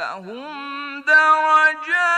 lahum darajat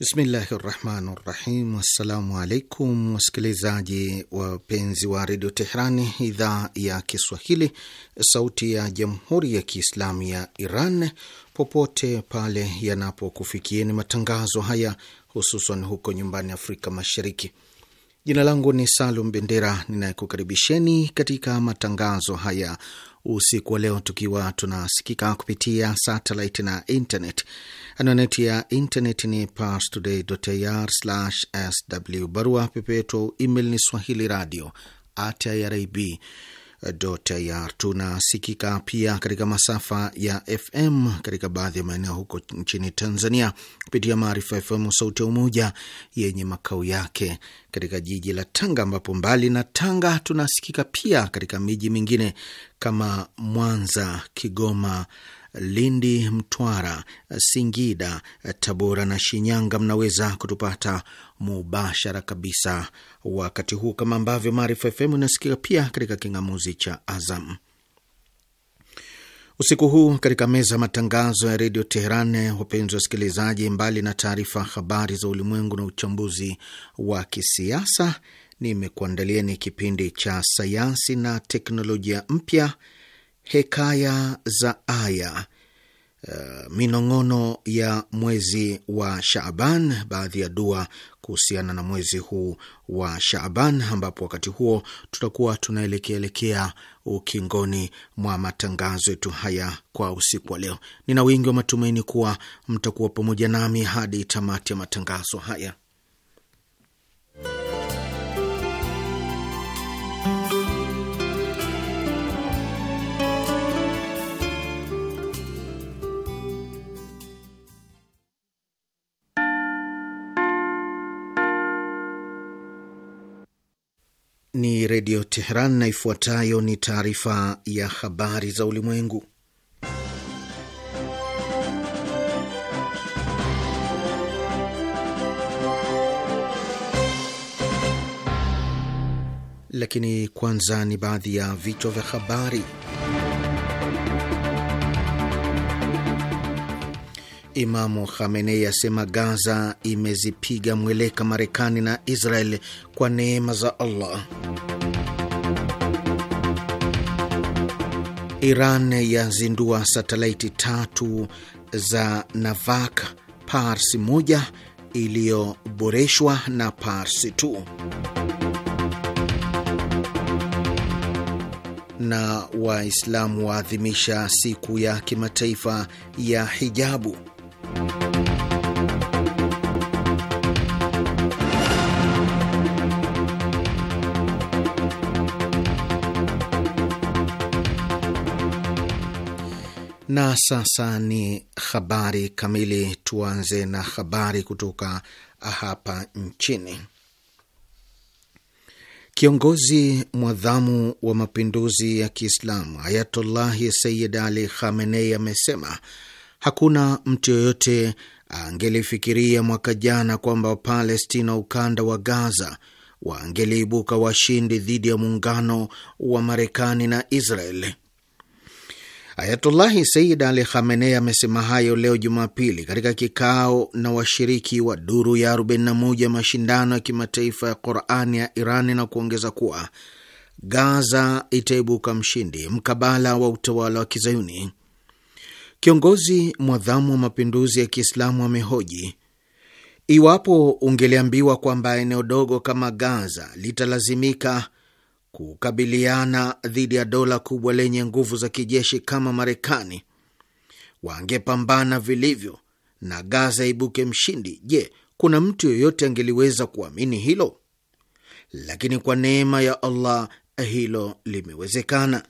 Bismillahi rahmani rahim. Assalamu alaikum wasikilizaji wapenzi wa redio Teherani, idhaa ya Kiswahili, sauti ya jamhuri ya kiislamu ya Iran, popote pale yanapokufikieni matangazo haya, hususan huko nyumbani Afrika Mashariki. Jina langu ni Salum Bendera ninayekukaribisheni katika matangazo haya usiku wa leo, tukiwa tunasikika kupitia satellite na internet. Anwani ya internet ni parstoday.ir/sw, barua pepe yetu email ni swahili radio radio@irib Tunasikika pia katika masafa ya FM katika baadhi ya maeneo huko nchini Tanzania kupitia Maarifa FM Sauti ya Umoja yenye makao yake katika jiji la Tanga, ambapo mbali na Tanga tunasikika pia katika miji mingine kama Mwanza, Kigoma, Lindi, Mtwara, Singida, Tabora na Shinyanga. Mnaweza kutupata mubashara kabisa wakati huu, kama ambavyo Maarifa FM inasikika pia katika kingamuzi cha Azam. Usiku huu katika meza ya matangazo ya redio Teheran, wapenzi wasikilizaji, mbali na taarifa habari za ulimwengu na uchambuzi wa kisiasa, nimekuandalia ni kipindi cha sayansi na teknolojia mpya, hekaya za aya, uh, minong'ono ya mwezi wa Shaaban, baadhi ya dua kuhusiana na mwezi huu wa Shaaban, ambapo wakati huo tutakuwa tunaelekea elekea ukingoni mwa matangazo yetu haya kwa usiku wa leo. Nina wingi wa matumaini kuwa mtakuwa pamoja nami hadi tamati ya matangazo haya. Redio Teheran na ifuatayo ni taarifa ya habari za ulimwengu. Lakini kwanza ni baadhi ya vichwa vya habari. Imamu Khamenei asema Gaza imezipiga mweleka Marekani na Israel kwa neema za Allah. Iran yazindua satelaiti tatu za Navak, Pars 1 iliyoboreshwa na Pars 2. Na Waislamu waadhimisha siku ya kimataifa ya hijabu. Na sasa ni habari kamili. Tuanze na habari kutoka hapa nchini. Kiongozi mwadhamu wa mapinduzi ya Kiislamu Ayatullahi Sayyid Ali Khamenei amesema hakuna mtu yoyote angelifikiria mwaka jana kwamba Wapalestina ukanda wa Gaza wangeliibuka washindi dhidi ya muungano wa Marekani na Israel. Ayatullahi Sayyid Ali Khamenei amesema hayo leo Jumapili katika kikao na washiriki wa duru ya 41 mashindano ya kimataifa ya Qurani ya Irani na kuongeza kuwa Gaza itaibuka mshindi mkabala wa utawala wa Kizayuni. Kiongozi mwadhamu wa mapinduzi ya Kiislamu amehoji iwapo ungeliambiwa kwamba eneo dogo kama Gaza litalazimika kukabiliana dhidi ya dola kubwa lenye nguvu za kijeshi kama Marekani, wangepambana vilivyo na Gaza ibuke mshindi, je, kuna mtu yoyote angeliweza kuamini hilo? Lakini kwa neema ya Allah hilo limewezekana.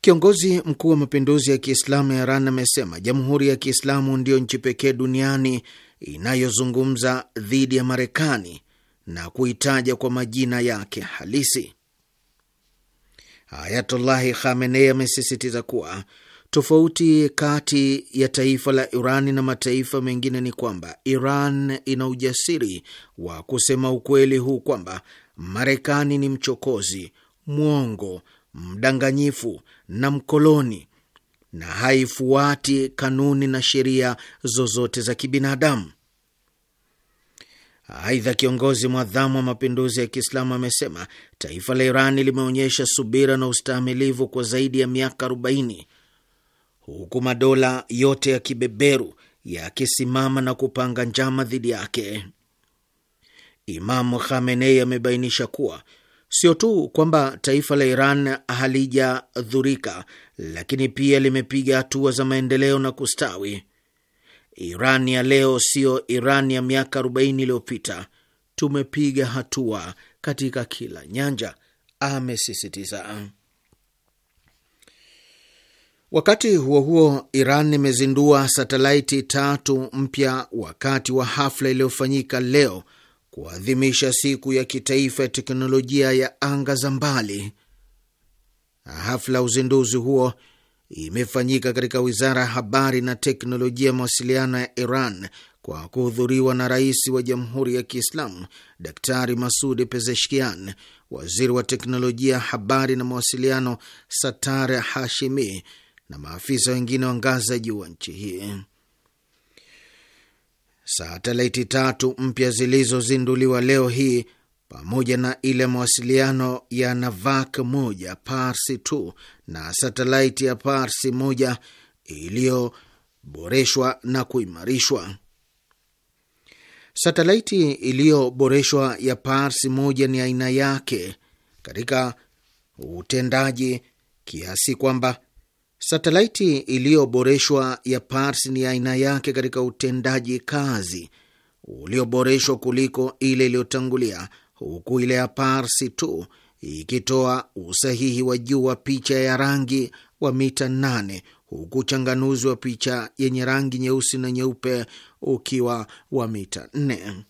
Kiongozi mkuu wa mapinduzi ya Kiislamu ya Iran amesema Jamhuri ya Kiislamu ndiyo nchi pekee duniani inayozungumza dhidi ya Marekani na kuitaja kwa majina yake halisi. Ayatullahi Khamenei amesisitiza kuwa tofauti kati ya taifa la Iran na mataifa mengine ni kwamba Iran ina ujasiri wa kusema ukweli huu kwamba Marekani ni mchokozi, mwongo, mdanganyifu na mkoloni na haifuati kanuni na sheria zozote za kibinadamu. Aidha, kiongozi mwadhamu wa mapinduzi ya Kiislamu amesema taifa la Irani limeonyesha subira na ustahimilivu kwa zaidi ya miaka 40 huku madola yote ya kibeberu yakisimama na kupanga njama dhidi yake. Imamu Khamenei amebainisha kuwa sio tu kwamba taifa la Iran halijadhurika, lakini pia limepiga hatua za maendeleo na kustawi. Iran ya leo siyo Iran ya miaka 40 iliyopita. Tumepiga hatua katika kila nyanja, amesisitiza. Wakati huo huo, Iran imezindua satelaiti tatu mpya wakati wa hafla iliyofanyika leo kuadhimisha siku ya kitaifa ya teknolojia ya anga za mbali. Hafla uzinduzi huo imefanyika katika wizara ya habari na teknolojia ya mawasiliano ya Iran kwa kuhudhuriwa na rais wa Jamhuri ya Kiislamu Daktari Masudi Pezeshkian, waziri wa teknolojia habari na mawasiliano Satar Hashimi na maafisa wengine wa ngazi ya juu wa nchi hii. Satelaiti tatu mpya zilizozinduliwa leo hii pamoja na ile mawasiliano ya Navak moja Parsi tu na satelaiti ya Pars moja iliyoboreshwa na kuimarishwa. Satelaiti iliyoboreshwa ya Pars moja ni aina yake katika utendaji kiasi kwamba satelaiti iliyoboreshwa ya Pars ni aina yake katika utendaji kazi ulioboreshwa kuliko ile iliyotangulia, huku ile ya Pars tu ikitoa usahihi wa juu wa picha ya rangi wa mita 8 huku uchanganuzi wa picha yenye rangi nyeusi na nyeupe ukiwa wa mita 4.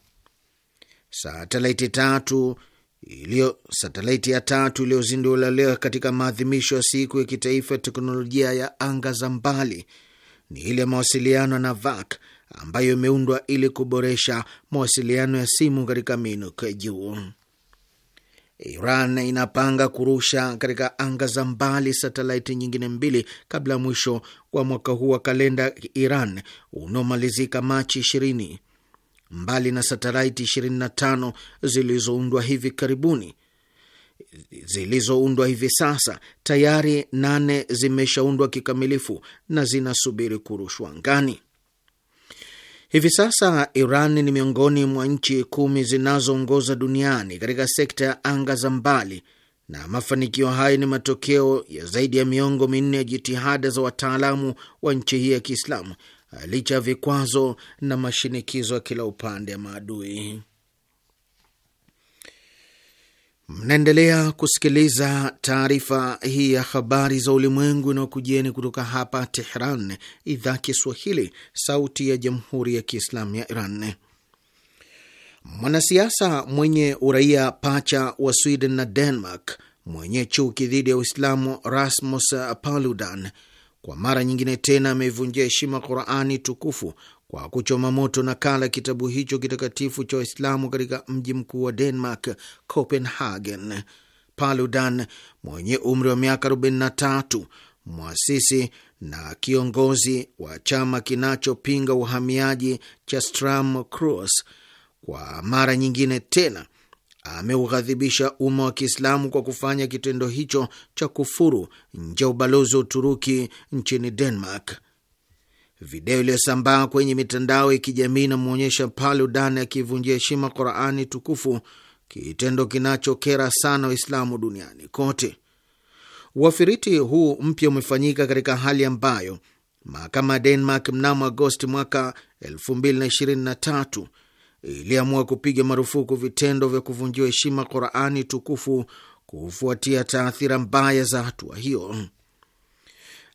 Satelaiti tatu iliyo satelaiti ya tatu iliyozinduliwa leo katika maadhimisho ya siku ya kitaifa ya teknolojia ya anga za mbali ni ile mawasiliano na VAC ambayo imeundwa ili kuboresha mawasiliano ya simu katika minuko ya juu. Iran inapanga kurusha katika anga za mbali satelaiti nyingine mbili kabla ya mwisho wa mwaka huu wa kalenda Iran unaomalizika Machi 20 mbali na satelaiti 25 zilizoundwa hivi karibuni zilizoundwa hivi sasa, tayari nane zimeshaundwa kikamilifu na zinasubiri kurushwa angani. Hivi sasa Iran ni miongoni mwa nchi kumi zinazoongoza duniani katika sekta ya anga za mbali, na mafanikio haya ni matokeo ya zaidi ya miongo minne ya jitihada za wataalamu wa nchi hii ya Kiislamu licha ya vikwazo na mashinikizo ya kila upande ya maadui. Mnaendelea kusikiliza taarifa hii ya habari za ulimwengu inayokujieni kutoka hapa Tehran, idhaa Kiswahili, sauti ya jamhuri ya kiislamu ya Iran. Mwanasiasa mwenye uraia pacha wa Sweden na Denmark mwenye chuki dhidi ya Uislamu Rasmus Paludan kwa mara nyingine tena ameivunjia heshima Qurani tukufu kwa kuchoma moto nakala kala kitabu hicho kitakatifu cha Waislamu katika mji mkuu wa Denmark, Copenhagen. Paludan mwenye umri wa miaka 43, mwasisi na kiongozi wa chama kinachopinga uhamiaji cha Stram Cross, kwa mara nyingine tena ameughadhibisha umma wa Kiislamu kwa kufanya kitendo hicho cha kufuru nje ya ubalozi wa Uturuki nchini Denmark. Video iliyosambaa kwenye mitandao ya kijamii inamwonyesha Paludan akivunjia heshima Qurani tukufu, kitendo kinachokera sana Waislamu duniani kote. Uafiriti huu mpya umefanyika katika hali ambayo mahakama ya Denmark mnamo Agosti mwaka 2023 iliamua kupiga marufuku vitendo vya kuvunjiwa heshima Qurani tukufu kufuatia taathira mbaya za hatua hiyo.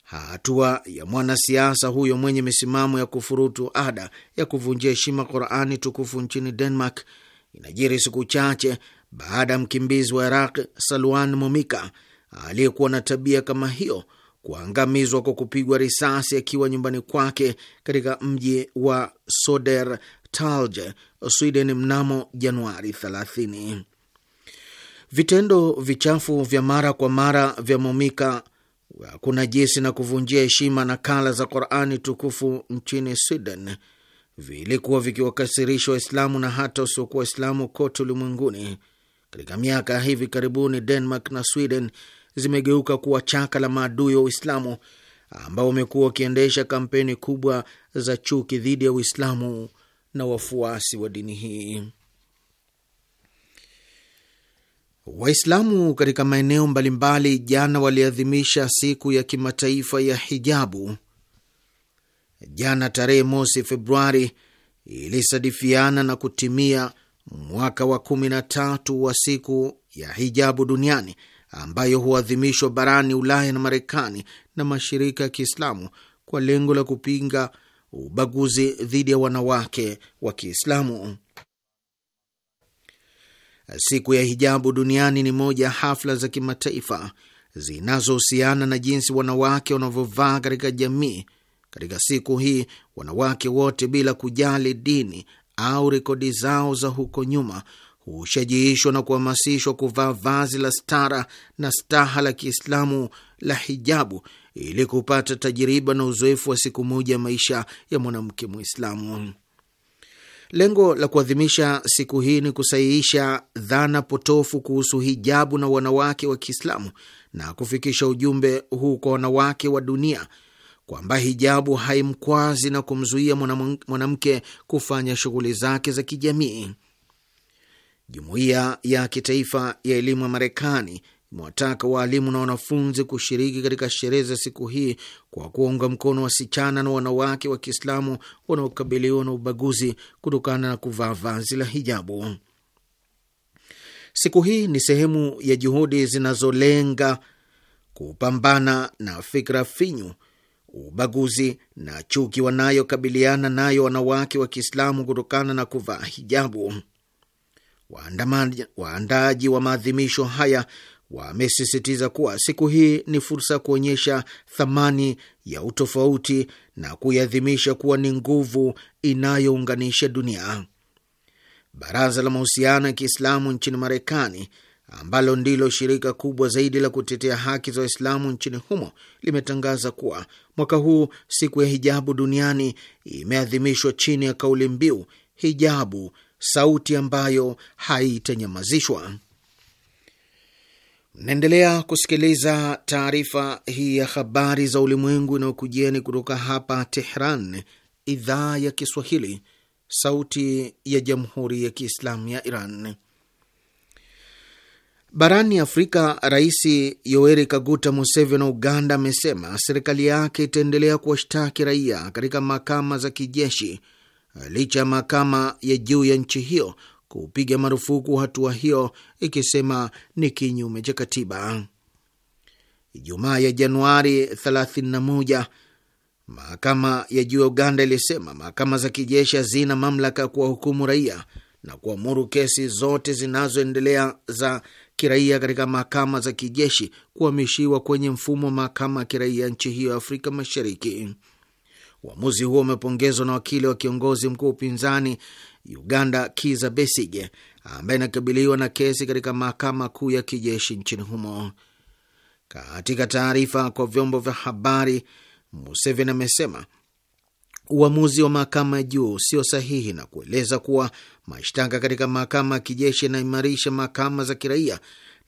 Hatua ya mwanasiasa huyo mwenye misimamo ya kufurutu ada ya kuvunjia heshima Qurani tukufu nchini Denmark inajiri siku chache baada ya mkimbizi wa Iraq Salwan Momika aliyekuwa na tabia kama hiyo kuangamizwa kwa kupigwa risasi akiwa nyumbani kwake katika mji wa soder talge Sweden mnamo Januari 30. Vitendo vichafu vya mara kwa mara vya Momika kuna jesi na kuvunjia heshima na kala za Qurani tukufu nchini Sweden vilikuwa vikiwakasirisha Waislamu na hata wasiokuwa Waislamu kote ulimwenguni. Katika miaka ya hivi karibuni, Denmark na Sweden zimegeuka kuwa chaka la maadui wa Uislamu ambao wamekuwa wakiendesha kampeni kubwa za chuki dhidi ya Uislamu na wafuasi wa dini hii. Waislamu katika maeneo mbalimbali jana waliadhimisha siku ya kimataifa ya hijabu. Jana tarehe mosi Februari ilisadifiana na kutimia mwaka wa kumi na tatu wa siku ya hijabu duniani ambayo huadhimishwa barani Ulaya na Marekani na mashirika ya Kiislamu kwa lengo la kupinga ubaguzi dhidi ya wanawake wa Kiislamu. Siku ya hijabu duniani ni moja ya hafla za kimataifa zinazohusiana na jinsi wanawake wanavyovaa katika jamii. Katika siku hii, wanawake wote bila kujali dini au rekodi zao za huko nyuma hushajiishwa na kuhamasishwa kuvaa vazi la stara na staha la Kiislamu la hijabu ili kupata tajiriba na uzoefu wa siku moja maisha ya mwanamke Mwislamu. Lengo la kuadhimisha siku hii ni kusahihisha dhana potofu kuhusu hijabu na wanawake wa Kiislamu na kufikisha ujumbe huu kwa wanawake wa dunia kwamba hijabu haimkwazi na kumzuia mwanamke kufanya shughuli zake za kijamii. Jumuiya ya Kitaifa ya Elimu ya Marekani mwataka waalimu na wanafunzi kushiriki katika sherehe za siku hii kwa kuunga mkono wasichana na wanawake wa Kiislamu wanaokabiliwa na ubaguzi kutokana na kuvaa vazi la hijabu. Siku hii ni sehemu ya juhudi zinazolenga kupambana na fikra finyu, ubaguzi na chuki wanayokabiliana nayo wanawake wa Kiislamu kutokana na kuvaa hijabu. Waandaaji wa maadhimisho haya wamesisitiza kuwa siku hii ni fursa ya kuonyesha thamani ya utofauti na kuiadhimisha kuwa ni nguvu inayounganisha dunia. Baraza la Mahusiano ya Kiislamu nchini Marekani, ambalo ndilo shirika kubwa zaidi la kutetea haki za Waislamu nchini humo, limetangaza kuwa mwaka huu siku ya hijabu duniani imeadhimishwa chini ya kauli mbiu hijabu, sauti ambayo haitanyamazishwa. Naendelea kusikiliza taarifa hii ya habari za ulimwengu inayokujieni kutoka hapa Tehran, idhaa ya Kiswahili, sauti ya jamhuri ya kiislamu ya Iran. Barani Afrika, Rais Yoweri Kaguta Museveni wa Uganda amesema serikali yake itaendelea kuwashtaki raia katika mahakama za kijeshi licha ya mahakama ya juu ya nchi hiyo kupiga marufuku hatua hiyo, ikisema ni kinyume cha katiba. Ijumaa ya Januari 31 mahakama ya juu ya Uganda ilisema mahakama za kijeshi hazina mamlaka ya kuwahukumu raia na kuamuru kesi zote zinazoendelea za kiraia katika mahakama za kijeshi kuhamishiwa kwenye mfumo wa mahakama ya kiraia nchi hiyo ya Afrika Mashariki. Uamuzi huo umepongezwa na wakili wa kiongozi mkuu upinzani Uganda Kiza Besige ambaye inakabiliwa na kesi katika mahakama kuu ya kijeshi nchini humo. Katika taarifa kwa vyombo vya habari, Museveni amesema uamuzi wa mahakama ya juu sio sahihi na kueleza kuwa mashtaka katika mahakama ya kijeshi yanaimarisha mahakama za kiraia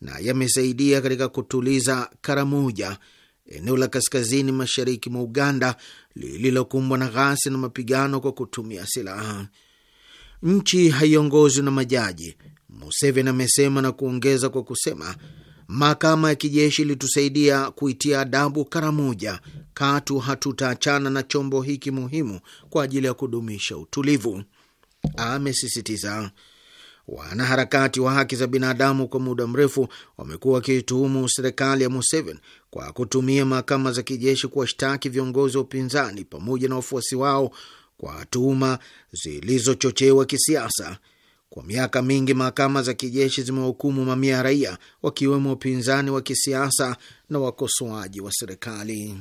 na yamesaidia katika kutuliza Karamoja, eneo la kaskazini mashariki mwa Uganda lililokumbwa na ghasia na mapigano kwa kutumia silaha nchi haiongozwi na majaji, Museveni amesema na kuongeza kwa kusema mahakama ya kijeshi ilitusaidia kuitia adabu Karamoja. Katu hatutaachana na chombo hiki muhimu kwa ajili ya kudumisha utulivu, amesisitiza. Wanaharakati wa haki za binadamu kwa muda mrefu wamekuwa wakituhumu serikali ya Museveni kwa kutumia mahakama za kijeshi kuwashtaki viongozi wa upinzani pamoja na wafuasi wao kwa tuhuma zilizochochewa kisiasa. Kwa miaka mingi mahakama za kijeshi zimehukumu mamia ya raia, wakiwemo wapinzani wa kisiasa na wakosoaji wa serikali.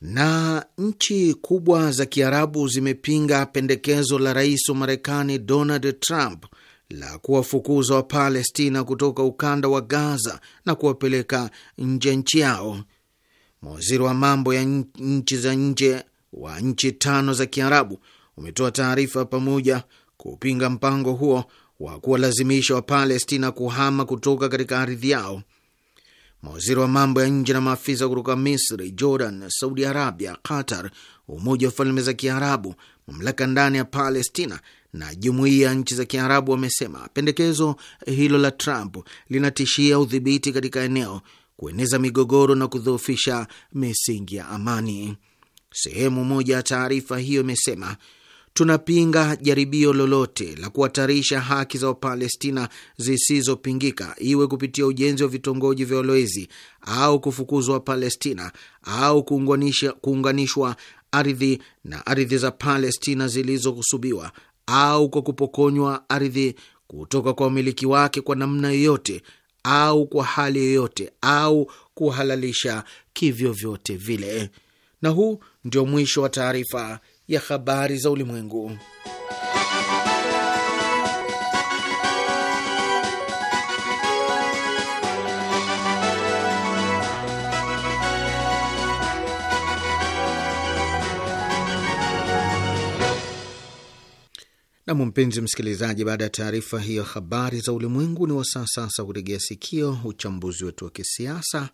Na nchi kubwa za Kiarabu zimepinga pendekezo la rais wa Marekani Donald Trump la kuwafukuza Wapalestina kutoka ukanda wa Gaza na kuwapeleka nje nchi yao. Mawaziri wa mambo ya nchi za nje wa nchi tano za Kiarabu umetoa taarifa pamoja kupinga mpango huo wa kuwalazimisha Wapalestina kuhama kutoka katika ardhi yao. Mawaziri wa mambo ya nje na maafisa kutoka Misri, Jordan, Saudi Arabia, Qatar, Umoja wa Falme za Kiarabu, mamlaka ndani ya Palestina na jumuiya ya nchi za Kiarabu wamesema pendekezo hilo la Trump linatishia udhibiti katika eneo, kueneza migogoro na kudhoofisha misingi ya amani. Sehemu moja ya taarifa hiyo imesema tunapinga jaribio lolote la kuhatarisha haki za Wapalestina zisizopingika, iwe kupitia ujenzi wa vitongoji vya walowezi au kufukuzwa Wapalestina au kuunganishwa ardhi na ardhi za Palestina zilizokusubiwa au kwa kupokonywa ardhi kutoka kwa umiliki wake kwa namna yoyote au kwa hali yoyote au kuhalalisha kivyovyote vile. Na huu ndio mwisho wa taarifa ya habari za ulimwengu. Nam, mpenzi msikilizaji, baada ya taarifa hiyo habari za ulimwengu, ni wasaa sasa kutegea sikio uchambuzi wetu wa kisiasa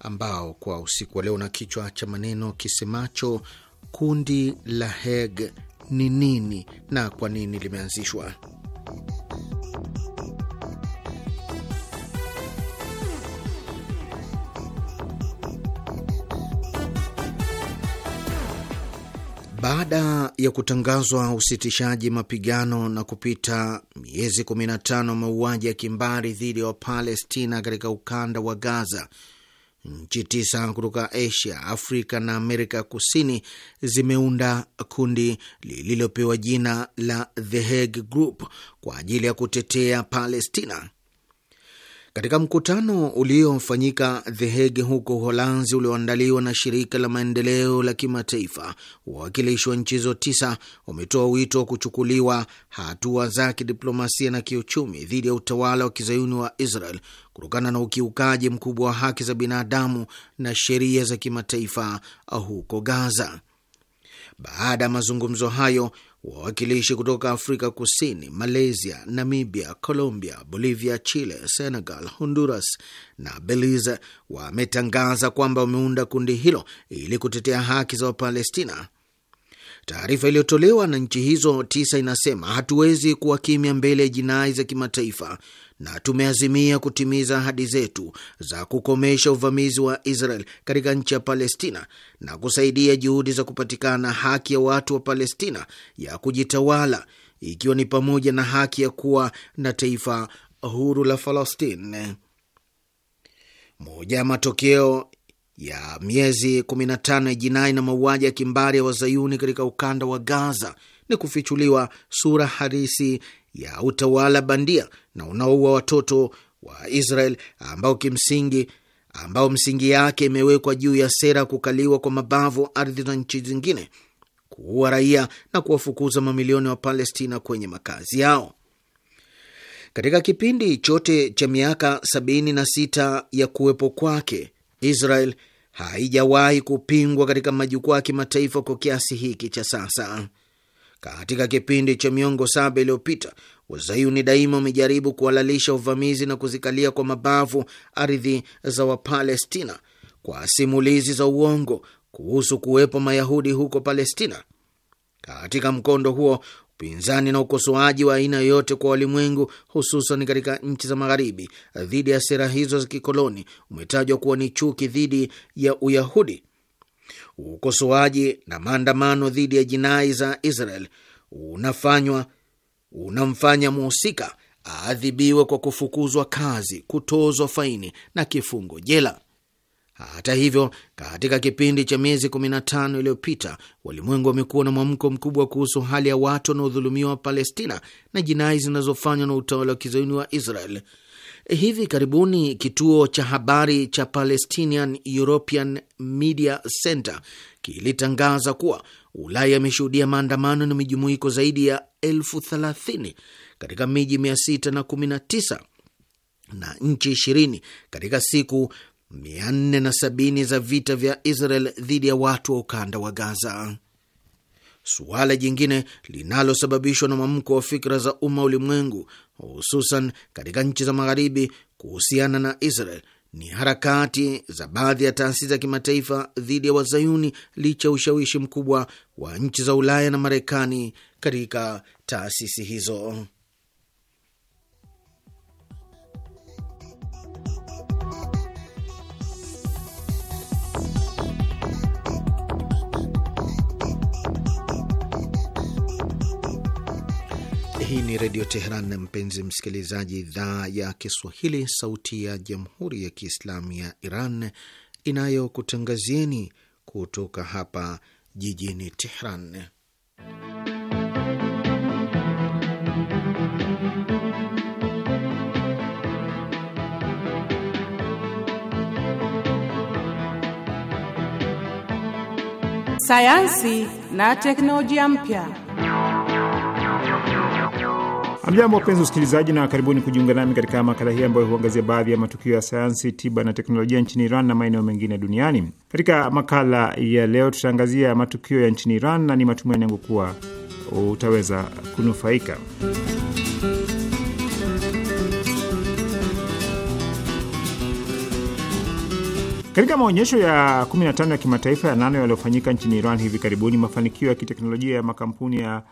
ambao kwa usiku wa leo na kichwa cha maneno kisemacho kundi la heg ni nini na kwa nini limeanzishwa. Baada ya kutangazwa usitishaji mapigano na kupita miezi 15 mauaji ya kimbari dhidi ya Wapalestina katika ukanda wa Gaza, Nchi tisa kutoka Asia, Afrika na Amerika ya Kusini zimeunda kundi lililopewa jina la The Hague Group kwa ajili ya kutetea Palestina. Katika mkutano uliofanyika The Hague huko Uholanzi, ulioandaliwa na shirika la maendeleo la kimataifa, wawakilishi wa nchi hizo tisa wametoa wito wa kuchukuliwa hatua za kidiplomasia na kiuchumi dhidi ya utawala wa kizayuni wa Israel kutokana na ukiukaji mkubwa wa haki za binadamu na sheria za kimataifa huko Gaza. Baada ya mazungumzo hayo wawakilishi kutoka Afrika Kusini, Malaysia, Namibia, Colombia, Bolivia, Chile, Senegal, Honduras na Belize wametangaza kwamba wameunda kundi hilo ili kutetea haki za Wapalestina. Taarifa iliyotolewa na nchi hizo tisa inasema hatuwezi kuwa kimya mbele ya jinai za kimataifa na tumeazimia kutimiza ahadi zetu za kukomesha uvamizi wa Israel katika nchi ya Palestina na kusaidia juhudi za kupatikana haki ya watu wa Palestina ya kujitawala ikiwa ni pamoja na haki ya kuwa na taifa huru la Palestina. Moja ya matokeo ya miezi 15 ya jinai na mauaji ya kimbari ya wazayuni katika ukanda wa Gaza ni kufichuliwa sura halisi ya utawala bandia na unaoua watoto wa Israel ambao kimsingi ambao msingi yake imewekwa juu ya sera ya kukaliwa kwa mabavu ardhi za nchi zingine, kuua raia na kuwafukuza mamilioni wa Palestina kwenye makazi yao. Katika kipindi chote cha miaka 76 ya kuwepo kwake Israel haijawahi kupingwa katika majukwaa ya kimataifa kwa kiasi hiki cha sasa. Katika kipindi cha miongo saba iliyopita, wazayuni daima wamejaribu kuhalalisha uvamizi na kuzikalia kwa mabavu ardhi za Wapalestina kwa simulizi za uongo kuhusu kuwepo Mayahudi huko Palestina. Katika mkondo huo upinzani na ukosoaji wa aina yoyote kwa walimwengu, hususan katika nchi za magharibi dhidi ya sera hizo za kikoloni umetajwa kuwa ni chuki dhidi ya Uyahudi. Ukosoaji na maandamano dhidi ya jinai za Israel unafanywa unamfanya mhusika aadhibiwe kwa kufukuzwa kazi, kutozwa faini na kifungo jela. Hata hivyo, katika kipindi cha miezi 15 iliyopita, walimwengu wamekuwa na mwamko mkubwa kuhusu hali ya watu wanaodhulumiwa Palestina na jinai zinazofanywa na utawala wa kizayuni wa Israel. Hivi karibuni kituo cha habari cha Palestinian European Media Center kilitangaza kuwa Ulaya ameshuhudia maandamano na mijumuiko zaidi ya elfu thelathini katika miji 619 na nchi 20 katika siku 470 za vita vya Israel dhidi ya watu wa ukanda wa Gaza. Suala jingine linalosababishwa na mwamko wa fikra za umma ulimwengu, hususan katika nchi za Magharibi, kuhusiana na Israel ni harakati za baadhi ya taasisi za kimataifa dhidi ya Wazayuni, licha ya ushawishi mkubwa wa nchi za Ulaya na Marekani katika taasisi hizo. Hii ni Redio Teheran, mpenzi msikilizaji, idhaa ya Kiswahili, sauti ya Jamhuri ya Kiislamu ya Iran inayokutangazieni kutoka hapa jijini Teheran. Sayansi na teknolojia mpya. Amjambo wapenzi usikilizaji, na karibuni kujiunga nami katika makala hii ambayo huangazia baadhi ya matukio ya sayansi, tiba na teknolojia nchini Iran na maeneo mengine duniani. Katika makala ya leo, tutaangazia matukio ya nchini Iran na ni matumaini yangu kuwa utaweza kunufaika. Katika maonyesho ya 15 ya kimataifa ya nano yaliyofanyika nchini Iran hivi karibuni, mafanikio ya kiteknolojia ya makampuni ya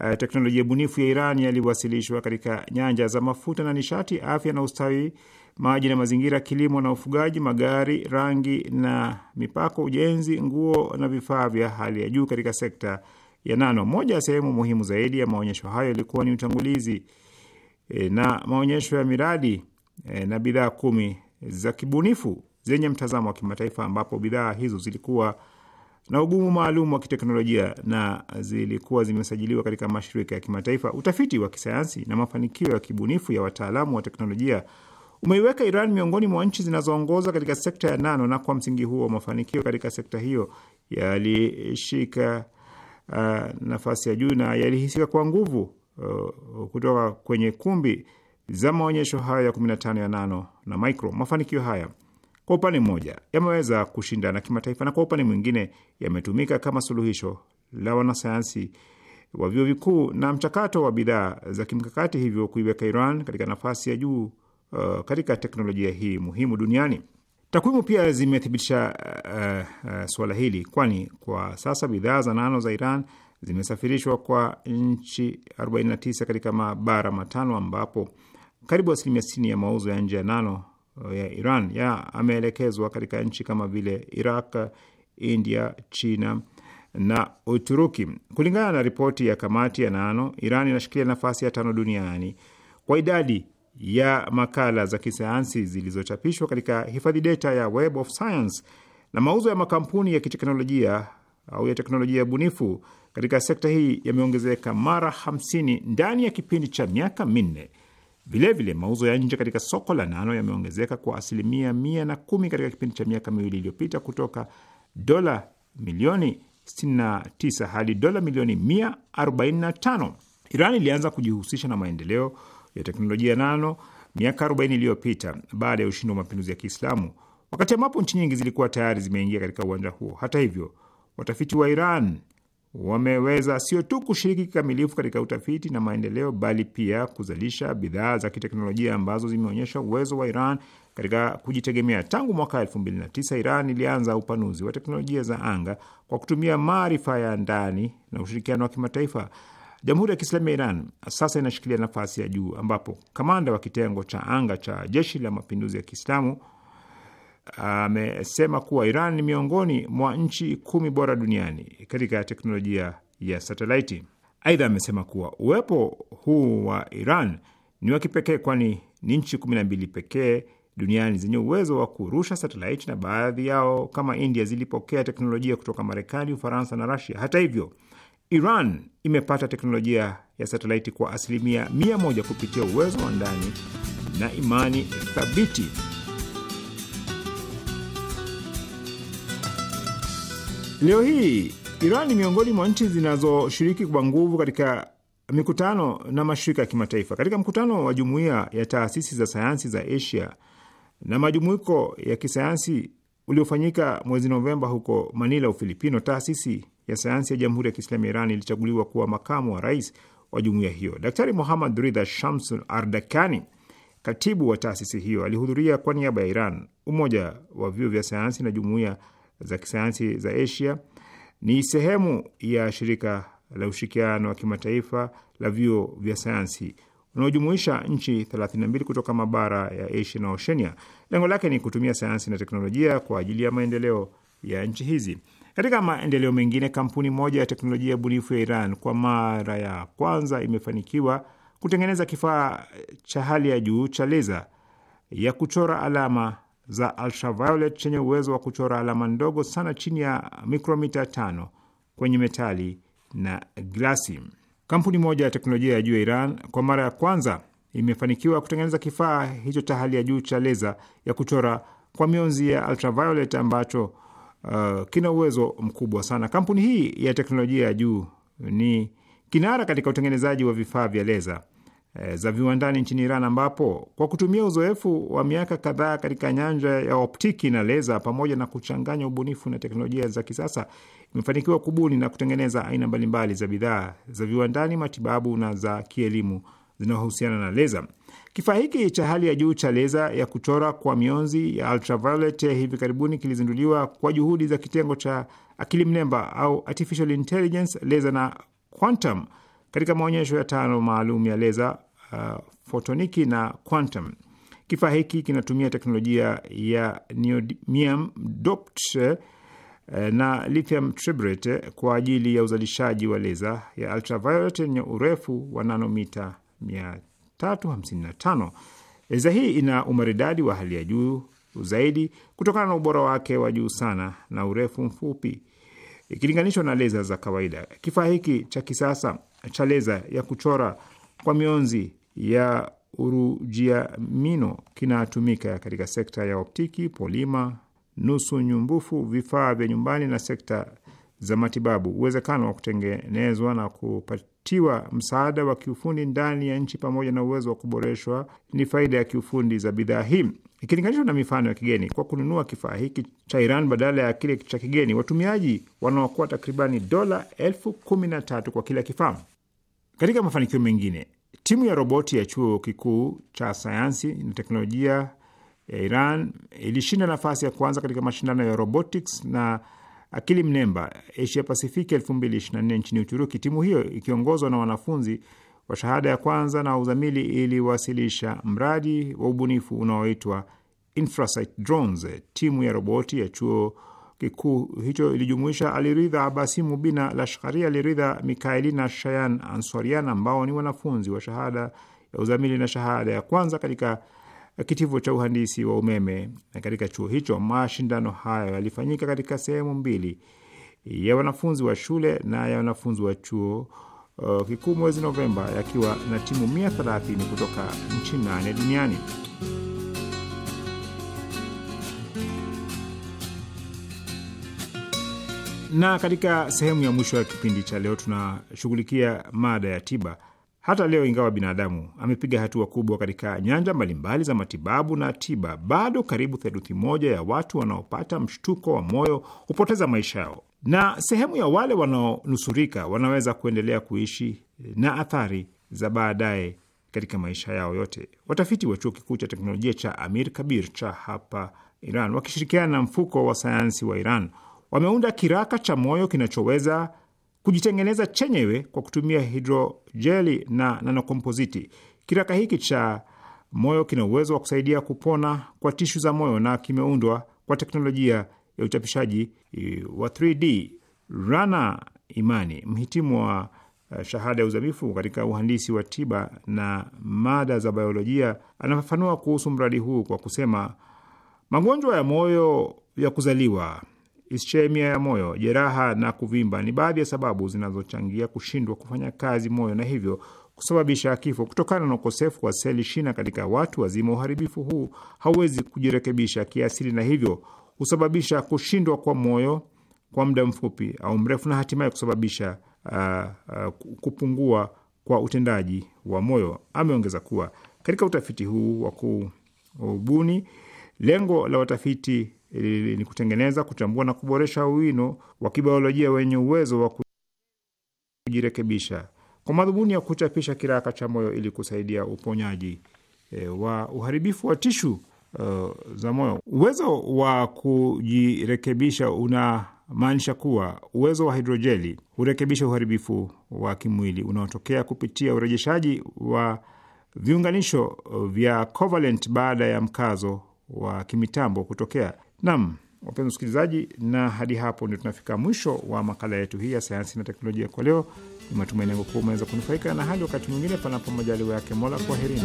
uh, teknolojia bunifu ya Iran yaliwasilishwa katika nyanja za mafuta na nishati, afya na ustawi, maji na mazingira, kilimo na ufugaji, magari, rangi na mipako, ujenzi, nguo na vifaa vya hali ya juu katika sekta ya nano. Moja ya sehemu muhimu zaidi ya maonyesho hayo ilikuwa ni utangulizi e, na maonyesho ya miradi e, na bidhaa kumi za kibunifu zenye mtazamo wa kimataifa ambapo bidhaa hizo zilikuwa na ugumu maalum wa kiteknolojia na zilikuwa zimesajiliwa katika mashirika ya kimataifa. Utafiti wa kisayansi na mafanikio ya kibunifu ya wataalamu wa teknolojia umeiweka Iran miongoni mwa nchi zinazoongoza katika sekta ya nano, na kwa msingi huo mafanikio katika sekta hiyo yalishika uh, nafasi ya juu na yalihisika kwa nguvu uh, kutoka kwenye kumbi za maonyesho hayo ya 15 ya nano na micro. Mafanikio haya kwa upande mmoja yameweza kushindana kimataifa na kwa upande mwingine yametumika kama suluhisho la wanasayansi wa vyuo vikuu na mchakato wa bidhaa za kimkakati, hivyo kuiweka Iran katika nafasi ya juu uh, katika teknolojia hii muhimu duniani. Takwimu pia zimethibitisha uh, uh, suala hili, kwani kwa sasa bidhaa za nano za Iran zimesafirishwa kwa nchi 49 katika mabara matano ambapo karibu asilimia 60 ya mauzo ya nje ya nano Uh, ya Iran yameelekezwa katika nchi kama vile Iraq, India, China na Uturuki. Kulingana na ripoti ya kamati ya Nano, Iran inashikilia nafasi ya tano duniani kwa idadi ya makala za kisayansi zilizochapishwa katika hifadhi data ya Web of Science na mauzo ya makampuni ya kiteknolojia au ya teknolojia bunifu katika sekta hii yameongezeka mara 50 ndani ya kipindi cha miaka minne. Vilevile, mauzo ya nje katika soko la Nano yameongezeka kwa asilimia mia na kumi katika kipindi cha miaka miwili iliyopita kutoka dola milioni 69 hadi dola milioni 145. Iran ilianza kujihusisha na maendeleo ya teknolojia nano miaka 40 iliyopita baada ya ushindi wa mapinduzi ya Kiislamu, wakati ambapo nchi nyingi zilikuwa tayari zimeingia katika uwanja huo. Hata hivyo, watafiti wa Iran wameweza sio tu kushiriki kikamilifu katika utafiti na maendeleo, bali pia kuzalisha bidhaa za kiteknolojia ambazo zimeonyesha uwezo wa Iran katika kujitegemea. Tangu mwaka tisa Iran ilianza upanuzi wa teknolojia za anga kwa kutumia maarifa ya ndani na ushirikiano wa kimataifa. Jamhuri ya Kiislamu ya Iran sasa inashikilia nafasi ya juu ambapo kamanda wa kitengo cha anga cha jeshi la mapinduzi ya Kiislamu amesema kuwa Iran ni miongoni mwa nchi kumi bora duniani katika teknolojia ya satelaiti. Aidha, amesema kuwa uwepo huu wa Iran ni wa kipekee, kwani ni nchi kumi na mbili pekee duniani zenye uwezo wa kurusha satelaiti, na baadhi yao kama India zilipokea teknolojia kutoka Marekani, Ufaransa na Rasia. Hata hivyo, Iran imepata teknolojia ya satelaiti kwa asilimia mia moja kupitia uwezo wa ndani na imani thabiti. Leo hii Iran ni miongoni mwa nchi zinazoshiriki kwa nguvu katika mikutano na mashirika ya kimataifa. Katika mkutano wa jumuiya ya taasisi za sayansi za Asia na majumuiko ya kisayansi uliofanyika mwezi Novemba huko Manila, Ufilipino, taasisi ya sayansi ya Jamhuri ya Kiislamu ya Iran ilichaguliwa kuwa makamu wa rais wa jumuiya hiyo. Daktari Mohammad Ridha Shams Ardakani, katibu wa taasisi hiyo, alihudhuria kwa niaba ya Iran. Umoja wa vyuo vya sayansi na jumuiya za kisayansi za Asia ni sehemu ya shirika la ushirikiano wa kimataifa la vyuo vya sayansi unaojumuisha nchi 32 kutoka mabara ya Asia na Oceania. Lengo lake ni kutumia sayansi na teknolojia kwa ajili ya maendeleo ya nchi hizi. Katika maendeleo mengine, kampuni moja ya teknolojia bunifu ya Iran kwa mara ya kwanza imefanikiwa kutengeneza kifaa cha hali ya juu cha leza ya kuchora alama za ultraviolet chenye uwezo wa kuchora alama ndogo sana chini ya mikromita tano kwenye metali na glasi. Kampuni moja ya teknolojia ya juu ya Iran kwa mara ya kwanza imefanikiwa kutengeneza kifaa hicho cha hali ya juu cha leza ya kuchora kwa mionzi ya ultraviolet ambacho uh, kina uwezo mkubwa sana. Kampuni hii ya teknolojia ya juu ni kinara katika utengenezaji wa vifaa vya leza. Eh, za viwandani nchini Iran, ambapo kwa kutumia uzoefu wa miaka kadhaa katika nyanja ya optiki na leza pamoja na kuchanganya ubunifu na teknolojia za kisasa imefanikiwa kubuni na kutengeneza aina mbalimbali za bidhaa za viwandani, matibabu na za kielimu zinazohusiana na leza. Kifaa hiki cha hali ya juu cha leza ya kuchora kwa mionzi ya ultraviolet hivi karibuni kilizinduliwa kwa juhudi za kitengo cha akili mnemba au artificial intelligence, leza na quantum katika maonyesho ya tano maalum ya leza uh, fotoniki na quantum. Kifaa hiki kinatumia teknolojia ya neodymium doped uh, na lithium tribrate kwa ajili ya uzalishaji wa leza ya ultraviolet yenye urefu wa nanomita 355. Leza hii ina umaridadi wa hali ya juu zaidi kutokana na ubora wake wa juu sana na urefu mfupi ikilinganishwa na leza za kawaida. Kifaa hiki cha kisasa chaleza ya kuchora kwa mionzi ya urujiamino kinatumika katika sekta ya optiki, polima, nusu nyumbufu, vifaa vya nyumbani na sekta za matibabu. Uwezekano wa kutengenezwa na kupatiwa msaada wa kiufundi ndani ya nchi pamoja na uwezo wa kuboreshwa ni faida ya kiufundi za bidhaa hii ikilinganishwa na mifano ya kigeni. Kwa kununua kifaa hiki cha Iran badala ya kile cha kigeni, watumiaji wanaokuwa takribani dola elfu kumi na tatu kwa kila kifaa. Katika mafanikio mengine, timu ya roboti ya chuo kikuu cha sayansi na teknolojia ya Iran ilishinda nafasi ya kwanza katika mashindano ya robotics na akili mnemba Asia Pasifiki 2024 nchini Uturuki. Timu hiyo ikiongozwa na wanafunzi wa shahada ya kwanza na uzamili iliwasilisha mradi wa ubunifu unaoitwa Infrasight Drones. Timu ya roboti ya chuo kikuu hicho ilijumuisha Aliridha Abasi Mubina Lashkari, Aliridha Mikaeli na Shayan ansarian ambao ni wanafunzi wa shahada ya uzamili na shahada ya kwanza katika kitivo cha uhandisi wa umeme katika chuo hicho. Mashindano hayo yalifanyika katika sehemu mbili, ya wanafunzi wa shule na ya wanafunzi wa chuo uh, kikuu mwezi Novemba, yakiwa na timu 130 kutoka nchi nane duniani. Na katika sehemu ya mwisho ya kipindi cha leo tunashughulikia mada ya tiba. Hata leo, ingawa binadamu amepiga hatua kubwa katika nyanja mbalimbali za matibabu na tiba, bado karibu theluthi moja ya watu wanaopata mshtuko wa moyo hupoteza maisha yao, na sehemu ya wale wanaonusurika wanaweza kuendelea kuishi na athari za baadaye katika maisha yao yote. Watafiti wa chuo kikuu cha teknolojia cha Amir Kabir cha hapa Iran wakishirikiana na mfuko wa sayansi wa Iran wameunda kiraka cha moyo kinachoweza kujitengeneza chenyewe kwa kutumia hidrojeli na nanokompoziti. Kiraka hiki cha moyo kina uwezo wa kusaidia kupona kwa tishu za moyo na kimeundwa kwa teknolojia ya uchapishaji e, wa 3D. Rana Imani, mhitimu wa e, shahada ya uzamifu katika uhandisi wa tiba na mada za biolojia, anafafanua kuhusu mradi huu kwa kusema, magonjwa ya moyo ya kuzaliwa ischemia ya moyo, jeraha na kuvimba ni baadhi ya sababu zinazochangia kushindwa kufanya kazi moyo na hivyo kusababisha kifo. Kutokana na ukosefu wa seli shina katika watu wazima, uharibifu huu hauwezi kujirekebisha kiasili na hivyo husababisha kushindwa kwa moyo kwa muda mfupi au mrefu na hatimaye kusababisha uh, uh, kupungua kwa utendaji wa moyo. Ameongeza kuwa katika utafiti huu wa kubuni lengo la watafiti ni kutengeneza, kuchambua na kuboresha wino wa kibiolojia wenye uwezo wa kujirekebisha kwa madhumuni ya kuchapisha kiraka cha moyo ili kusaidia uponyaji e, wa uharibifu wa tishu uh, za moyo. Uwezo wa kujirekebisha unamaanisha kuwa uwezo wa hidrojeli hurekebisha uharibifu wa kimwili unaotokea kupitia urejeshaji wa viunganisho vya covalent baada ya mkazo wa kimitambo kutokea. Naam, wapenzi wasikilizaji, na hadi hapo ndio tunafika mwisho wa makala yetu hii ya sayansi na teknolojia kwa leo. Ni matumaini yangu kuwa umeweza kunufaika, na hadi wakati mwingine, panapo majaliwa yake Mola, kwaherini.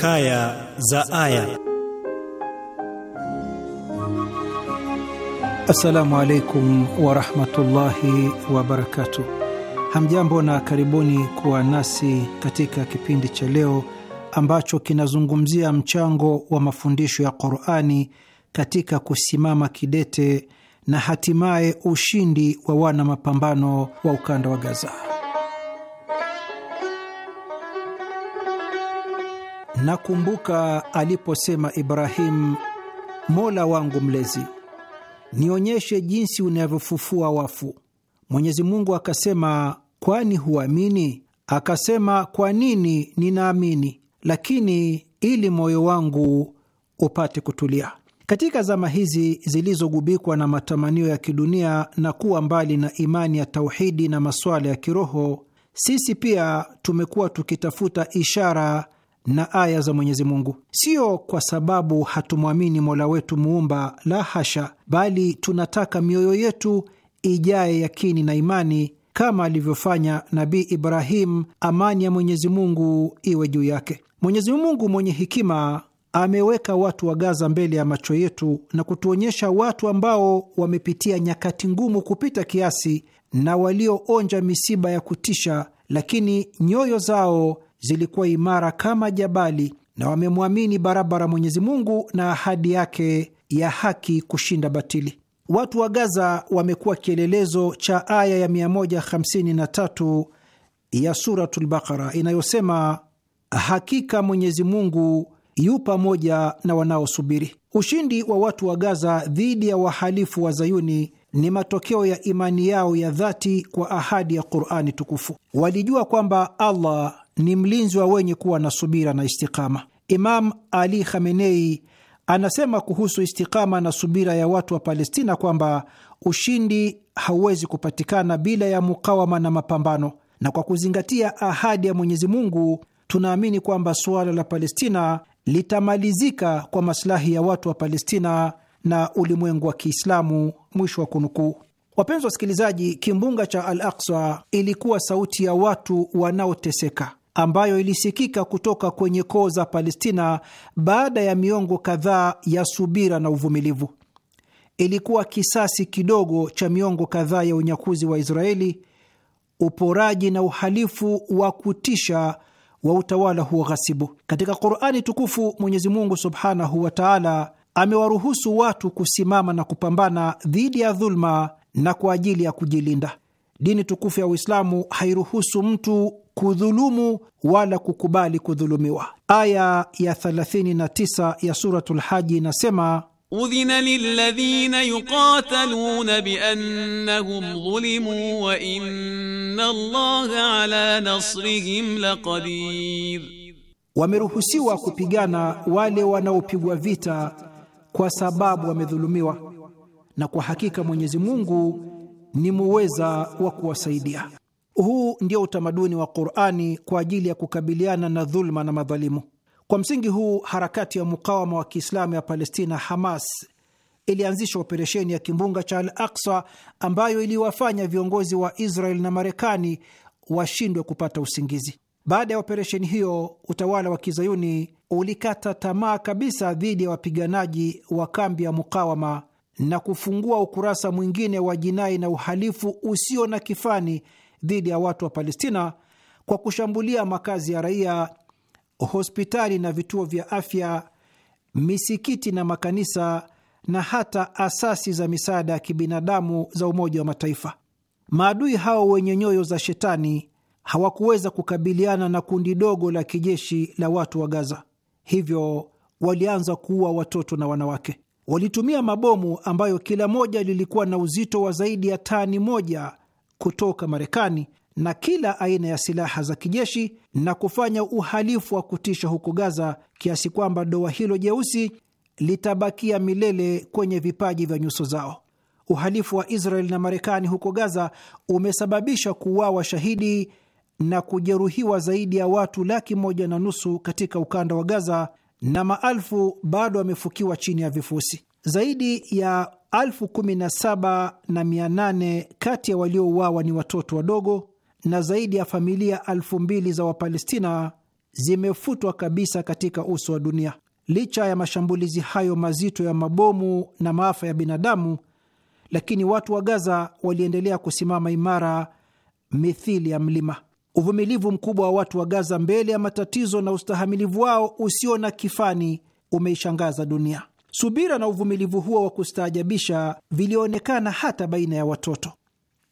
Hekaya za Aya. Assalamu alaikum warahmatullahi wabarakatuh. Hamjambo na karibuni kuwa nasi katika kipindi cha leo ambacho kinazungumzia mchango wa mafundisho ya Qur'ani katika kusimama kidete na hatimaye ushindi wa wana mapambano wa ukanda wa Gaza. nakumbuka aliposema Ibrahimu, Mola wangu Mlezi, nionyeshe jinsi unavyofufua wafu. Mwenyezi Mungu akasema, kwani huamini? Akasema, kwa nini? Ninaamini, lakini ili moyo wangu upate kutulia. Katika zama hizi zilizogubikwa na matamanio ya kidunia na kuwa mbali na imani ya tauhidi na masuala ya kiroho, sisi pia tumekuwa tukitafuta ishara na aya za Mwenyezi Mungu, sio kwa sababu hatumwamini Mola wetu Muumba, la hasha, bali tunataka mioyo yetu ijaye yakini na imani kama alivyofanya Nabii Ibrahim, amani ya Mwenyezi Mungu iwe juu yake. Mwenyezi Mungu mwenye hekima ameweka watu wa Gaza mbele ya macho yetu na kutuonyesha watu ambao wamepitia nyakati ngumu kupita kiasi na walioonja misiba ya kutisha, lakini nyoyo zao zilikuwa imara kama jabali na wamemwamini barabara Mwenyezi Mungu na ahadi yake ya haki kushinda batili. Watu wa Gaza wamekuwa kielelezo cha aya ya 153 ya Suratul Bakara inayosema, hakika Mwenyezi Mungu yu pamoja na wanaosubiri. Ushindi wa watu wa Gaza dhidi ya wahalifu wa Zayuni ni matokeo ya imani yao ya dhati kwa ahadi ya Qur'ani tukufu. Walijua kwamba Allah ni mlinzi wa wenye kuwa na subira na istikama. Imam Ali Khamenei anasema kuhusu istikama na subira ya watu wa Palestina kwamba ushindi hauwezi kupatikana bila ya mukawama na mapambano, na kwa kuzingatia ahadi ya Mwenyezi Mungu tunaamini kwamba suala la Palestina litamalizika kwa masilahi ya watu wa Palestina na ulimwengu wa Kiislamu. Mwisho wa kunukuu. Wapenzi wasikilizaji, kimbunga cha Al Aksa ilikuwa sauti ya watu wanaoteseka ambayo ilisikika kutoka kwenye koo za Palestina baada ya miongo kadhaa ya subira na uvumilivu. Ilikuwa kisasi kidogo cha miongo kadhaa ya unyakuzi wa Israeli, uporaji na uhalifu wa kutisha wa utawala huo ghasibu. Katika Qurani Tukufu, Mwenyezi Mungu subhanahu wa taala amewaruhusu watu kusimama na kupambana dhidi ya dhuluma na kwa ajili ya kujilinda. Dini tukufu ya Uislamu hairuhusu mtu kudhulumu wala kukubali kudhulumiwa. Aya ya 39 ya Suratul Haji inasema udhina lilladhina yuqataluna biannahum dhulimu wa inna Allaha ala nasrihim laqadir, wameruhusiwa kupigana wale wanaopigwa vita kwa sababu wamedhulumiwa, na kwa hakika Mwenyezi Mungu ni muweza wa kuwasaidia. Huu ndio utamaduni wa Qurani kwa ajili ya kukabiliana na dhuluma na madhalimu. Kwa msingi huu, harakati ya mukawama wa Kiislamu ya Palestina, Hamas, ilianzisha operesheni ya kimbunga cha Al Aksa ambayo iliwafanya viongozi wa Israel na Marekani washindwe kupata usingizi. Baada ya operesheni hiyo, utawala wa kizayuni ulikata tamaa kabisa dhidi ya wapiganaji wa kambi ya mukawama na kufungua ukurasa mwingine wa jinai na uhalifu usio na kifani dhidi ya watu wa Palestina kwa kushambulia makazi ya raia, hospitali na vituo vya afya, misikiti na makanisa na hata asasi za misaada ya kibinadamu za Umoja wa Mataifa. Maadui hao wenye nyoyo za shetani hawakuweza kukabiliana na kundi dogo la kijeshi la watu wa Gaza, hivyo walianza kuua watoto na wanawake. Walitumia mabomu ambayo kila moja lilikuwa na uzito wa zaidi ya tani moja kutoka Marekani na kila aina ya silaha za kijeshi na kufanya uhalifu wa kutisha huko Gaza, kiasi kwamba doa hilo jeusi litabakia milele kwenye vipaji vya nyuso zao. Uhalifu wa Israel na Marekani huko Gaza umesababisha kuuawa shahidi na kujeruhiwa zaidi ya watu laki moja na nusu katika ukanda wa Gaza na maelfu bado wamefukiwa chini ya vifusi. Zaidi ya elfu kumi na saba na mia nane kati ya waliouawa ni watoto wadogo na zaidi ya familia elfu mbili za Wapalestina zimefutwa kabisa katika uso wa dunia. Licha ya mashambulizi hayo mazito ya mabomu na maafa ya binadamu, lakini watu wa Gaza waliendelea kusimama imara mithili ya mlima. Uvumilivu mkubwa wa watu wa Gaza mbele ya matatizo na ustahamilivu wao usio na kifani umeishangaza dunia. Subira na uvumilivu huo wa kustaajabisha vilionekana hata baina ya watoto.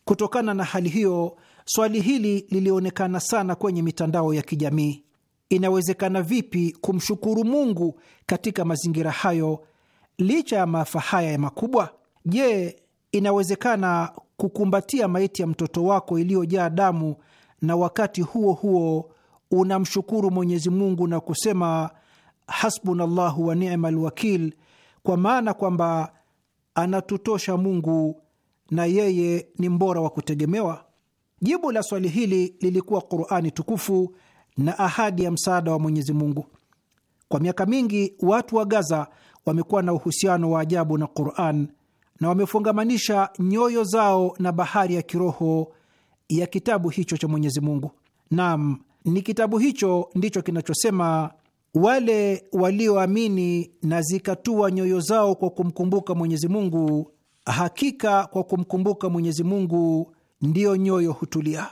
Kutokana na hali hiyo, swali hili lilionekana sana kwenye mitandao ya kijamii: inawezekana vipi kumshukuru Mungu katika mazingira hayo licha ya maafa haya ya makubwa? Je, inawezekana kukumbatia maiti ya mtoto wako iliyojaa damu na wakati huo huo unamshukuru Mwenyezi Mungu na kusema hasbunallahu wa ni'mal wakil, kwa maana kwamba anatutosha Mungu na yeye ni mbora wa kutegemewa? Jibu la swali hili lilikuwa Qurani tukufu na ahadi ya msaada wa Mwenyezi Mungu. Kwa miaka mingi watu wa Gaza wamekuwa na uhusiano wa ajabu na Quran na wamefungamanisha nyoyo zao na bahari ya kiroho ya kitabu hicho cha Mwenyezi Mungu. Naam, ni kitabu hicho ndicho kinachosema wale walioamini na zikatua nyoyo zao kwa kumkumbuka Mwenyezi Mungu, hakika kwa kumkumbuka Mwenyezi Mungu ndiyo nyoyo hutulia.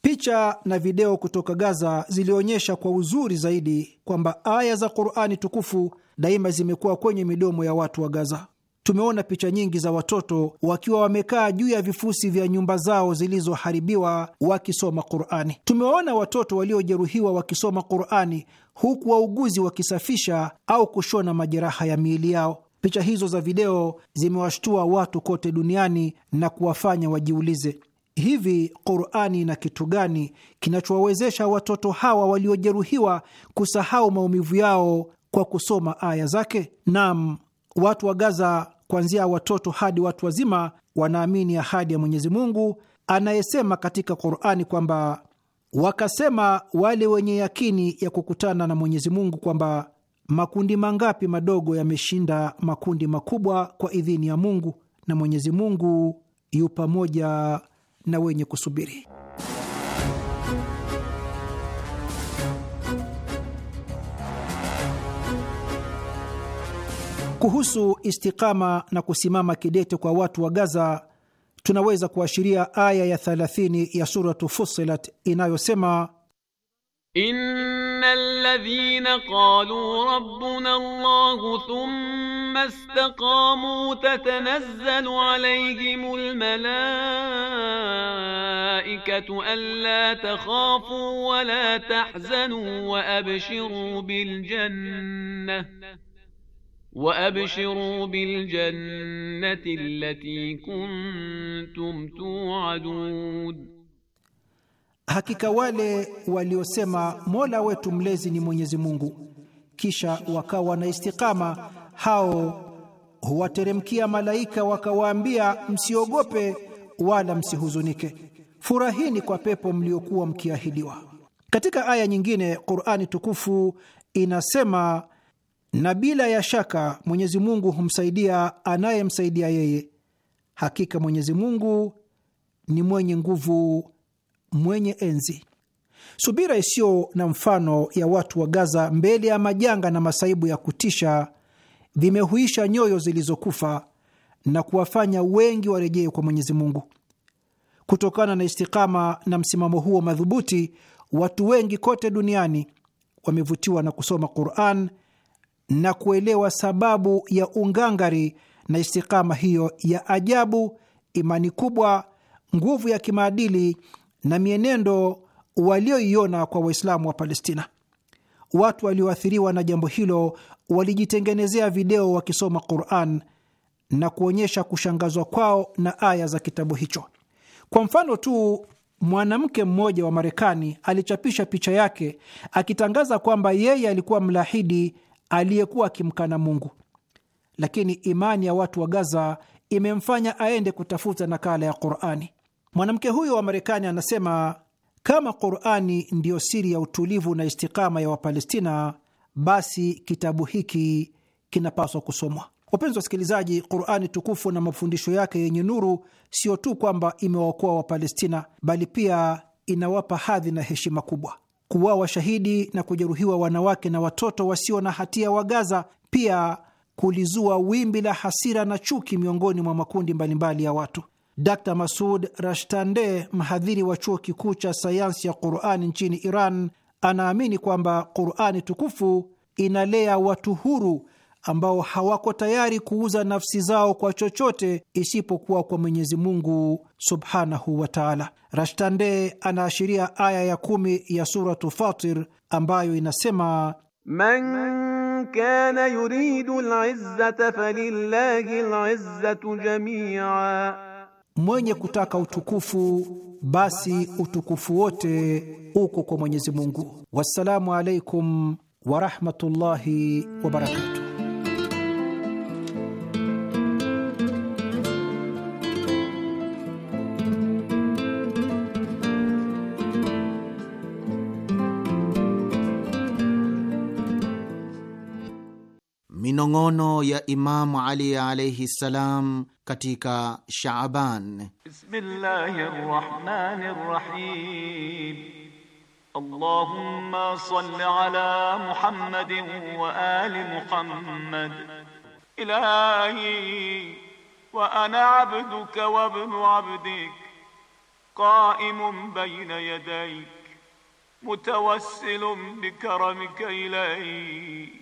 Picha na video kutoka Gaza zilionyesha kwa uzuri zaidi kwamba aya za Kurani tukufu daima zimekuwa kwenye midomo ya watu wa Gaza tumeona picha nyingi za watoto wakiwa wamekaa juu ya vifusi vya nyumba zao zilizoharibiwa wakisoma Qurani. Tumewaona watoto waliojeruhiwa wakisoma Qurani, huku wauguzi wakisafisha au kushona majeraha ya miili yao. Picha hizo za video zimewashtua watu kote duniani na kuwafanya wajiulize, hivi Qurani ina kitu gani kinachowawezesha watoto hawa waliojeruhiwa kusahau maumivu yao kwa kusoma aya zake? Naam, watu wa Gaza kuanzia watoto hadi watu wazima wanaamini ahadi ya Mwenyezi Mungu anayesema katika Qur'ani kwamba wakasema wale wenye yakini ya kukutana na Mwenyezi Mungu kwamba makundi mangapi madogo yameshinda makundi makubwa kwa idhini ya Mungu na Mwenyezi Mungu yu pamoja na wenye kusubiri. Kuhusu istikama na kusimama kidete kwa watu wa Gaza, tunaweza kuashiria aya ya 30 ya Suratu Fussilat inayosema Inna alladhina qalu rabbuna Allahu thumma istaqamu tatanazzalu alayhimul malaikatu alla takhafu wa la tahzanu wa abshiru bil waabshiru biljannati allati kuntum tuadun, hakika wale waliosema Mola wetu mlezi ni Mwenyezi Mungu, kisha wakawa na istikama, hao huwateremkia malaika wakawaambia, msiogope wala msihuzunike, furahini kwa pepo mliokuwa mkiahidiwa. Katika aya nyingine Qur'ani tukufu inasema na bila ya shaka Mwenyezi Mungu humsaidia anayemsaidia yeye. Hakika Mwenyezi Mungu ni mwenye nguvu, mwenye enzi. Subira isiyo na mfano ya watu wa Gaza mbele ya majanga na masaibu ya kutisha vimehuisha nyoyo zilizokufa na kuwafanya wengi warejee kwa Mwenyezi Mungu. Kutokana na istikama na msimamo huo madhubuti, watu wengi kote duniani wamevutiwa na kusoma Quran na kuelewa sababu ya ungangari na istikama hiyo ya ajabu, imani kubwa, nguvu ya kimaadili na mienendo walioiona kwa Waislamu wa Palestina. Watu walioathiriwa na jambo hilo walijitengenezea video wakisoma Quran na kuonyesha kushangazwa kwao na aya za kitabu hicho. Kwa mfano tu, mwanamke mmoja wa Marekani alichapisha picha yake akitangaza kwamba yeye alikuwa mlahidi aliyekuwa akimkana Mungu, lakini imani ya watu wa Gaza imemfanya aende kutafuta nakala ya Qurani. Mwanamke huyo wa Marekani anasema kama Qurani ndiyo siri ya utulivu na istikama ya Wapalestina, basi kitabu hiki kinapaswa kusomwa. Wapenzi wasikilizaji, Qurani tukufu na mafundisho yake yenye nuru sio tu kwamba imewaokoa Wapalestina, bali pia inawapa hadhi na heshima kubwa kuwa shahidi na kujeruhiwa wanawake na watoto wasio na hatia wa Gaza pia kulizua wimbi la hasira na chuki miongoni mwa makundi mbalimbali ya watu. Dr Masud Rashtande, mhadhiri wa chuo kikuu cha sayansi ya Qurani nchini Iran, anaamini kwamba Qurani tukufu inalea watu huru ambao hawako tayari kuuza nafsi zao kwa chochote isipokuwa kwa Mwenyezi Mungu subhanahu wa taala. Rashtande anaashiria aya ya kumi ya Suratu Fatir ambayo inasema Man kana yuridu al-izzata falillahi al-izzatu jamia, mwenye kutaka utukufu basi utukufu wote uko kwa Mwenyezi Mungu. Wassalamu alaikum wa rahmatullahi wa barakatuh. minong'ono ya Imamu Ali alaihi ssalam katika Shaaban. Bismillahi rahmani rahim. Allahumma salli ala Muhammadin wa ali Muhammad. Ilahi wa ana abduka wa ibnu abdik qaimun bayna yadayk mutawassilun bikaramika ilayk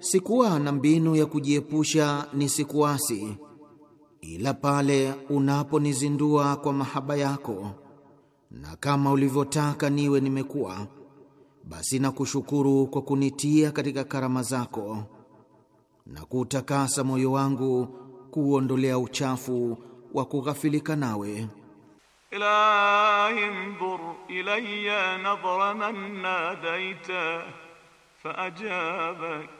sikuwa na mbinu ya kujiepusha nisikuasi, ila pale unaponizindua kwa mahaba yako, na kama ulivyotaka niwe nimekuwa, basi nakushukuru kwa kunitia katika karama zako na kuutakasa moyo wangu kuuondolea uchafu wa kughafilika nawe. Ilahi ndhur ilayya nadhra man nadaita faajabak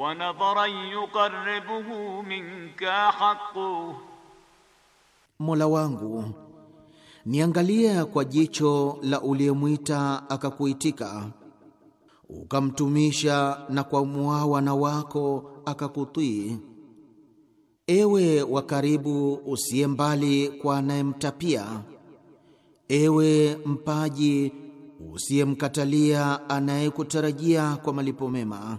wanadhara yuqarribuhu minka haqqu, Mola wangu niangalia kwa jicho la uliyemwita akakuitika, ukamtumisha na kwa muawana wako akakutii. Ewe wa karibu usiye mbali kwa anayemtapia, ewe mpaji usiyemkatalia anayekutarajia kwa malipo mema.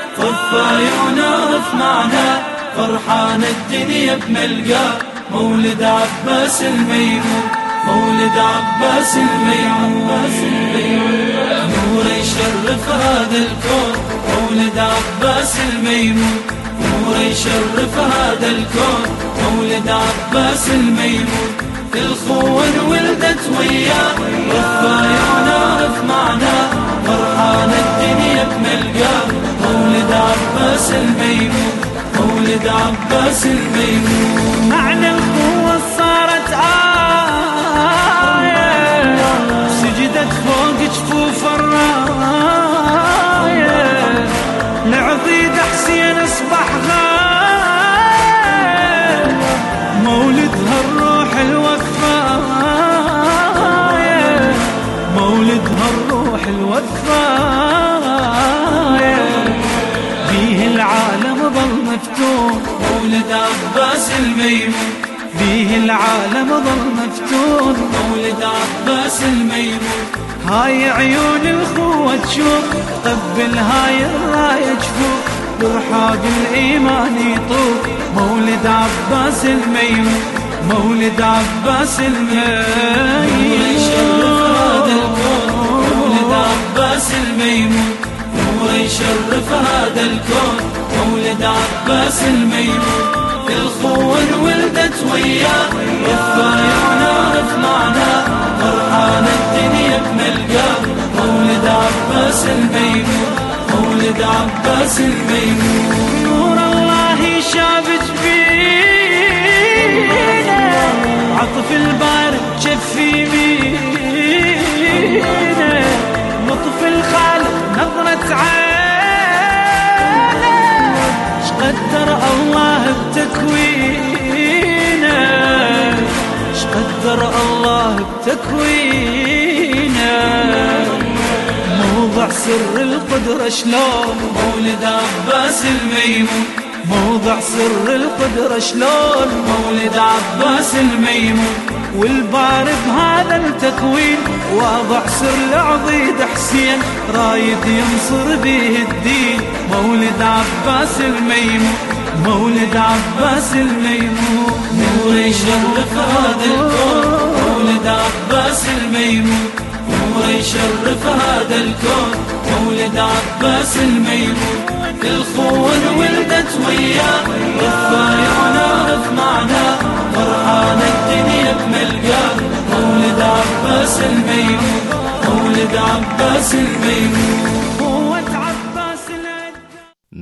طف عيونه رف فرحان الدنيا بملقى مولد عباس الميمون مولد عباس الميمون نور يشرف هذا الكون مولد عباس الميمون نور يشرف هذا الكون مولد عباس الميمون الخوة انولدت وياه رفع يا نعرف معنا فرحان الدنيا بملقاه مولد عباس الميمون مولد عباس الميمون معنى القوة صارت آية سجدت فوق جفوف الراية لعضيد حسين أصبح غاية الميمون فيه العالم ظل مفتون مولد عباس الميمون هاي عيون الخوة تشوف قبل هاي الراية جفوك برحاب الإيمان يطوف مولد عباس الميمون مولد عباس الميمون يشرف مولد عباس الميمون يشرف هذا الكون مولد عباس الميمون الخون ولدت وياه وفايعنا ونطمعنا فرحان الدنيا بنلقاه مولد عباس الميمون مولد عباس الميمون نور الله شاب جبينه عطف البار جفي مينه لطف الخالق نظرة عين قدر الله بتكوينه شقدر الله بتكوينه موضع سر القدرة شلون مولد عباس الميمون موضع سر القدرة شلون مولد عباس الميمون والبار بهذا التكوين واضع سر العضيد حسين رايد ينصر به الدين مولد عباس الميمون مولد عباس الميمون نور يشرف هذا الكون مولد عباس الميمون نور يشرف هذا الكون مولد عباس الميمون الخون ولدت وياه رفايع رف معنا فرحان الدنيا بملقاه مولد عباس الميمون مولد عباس الميمون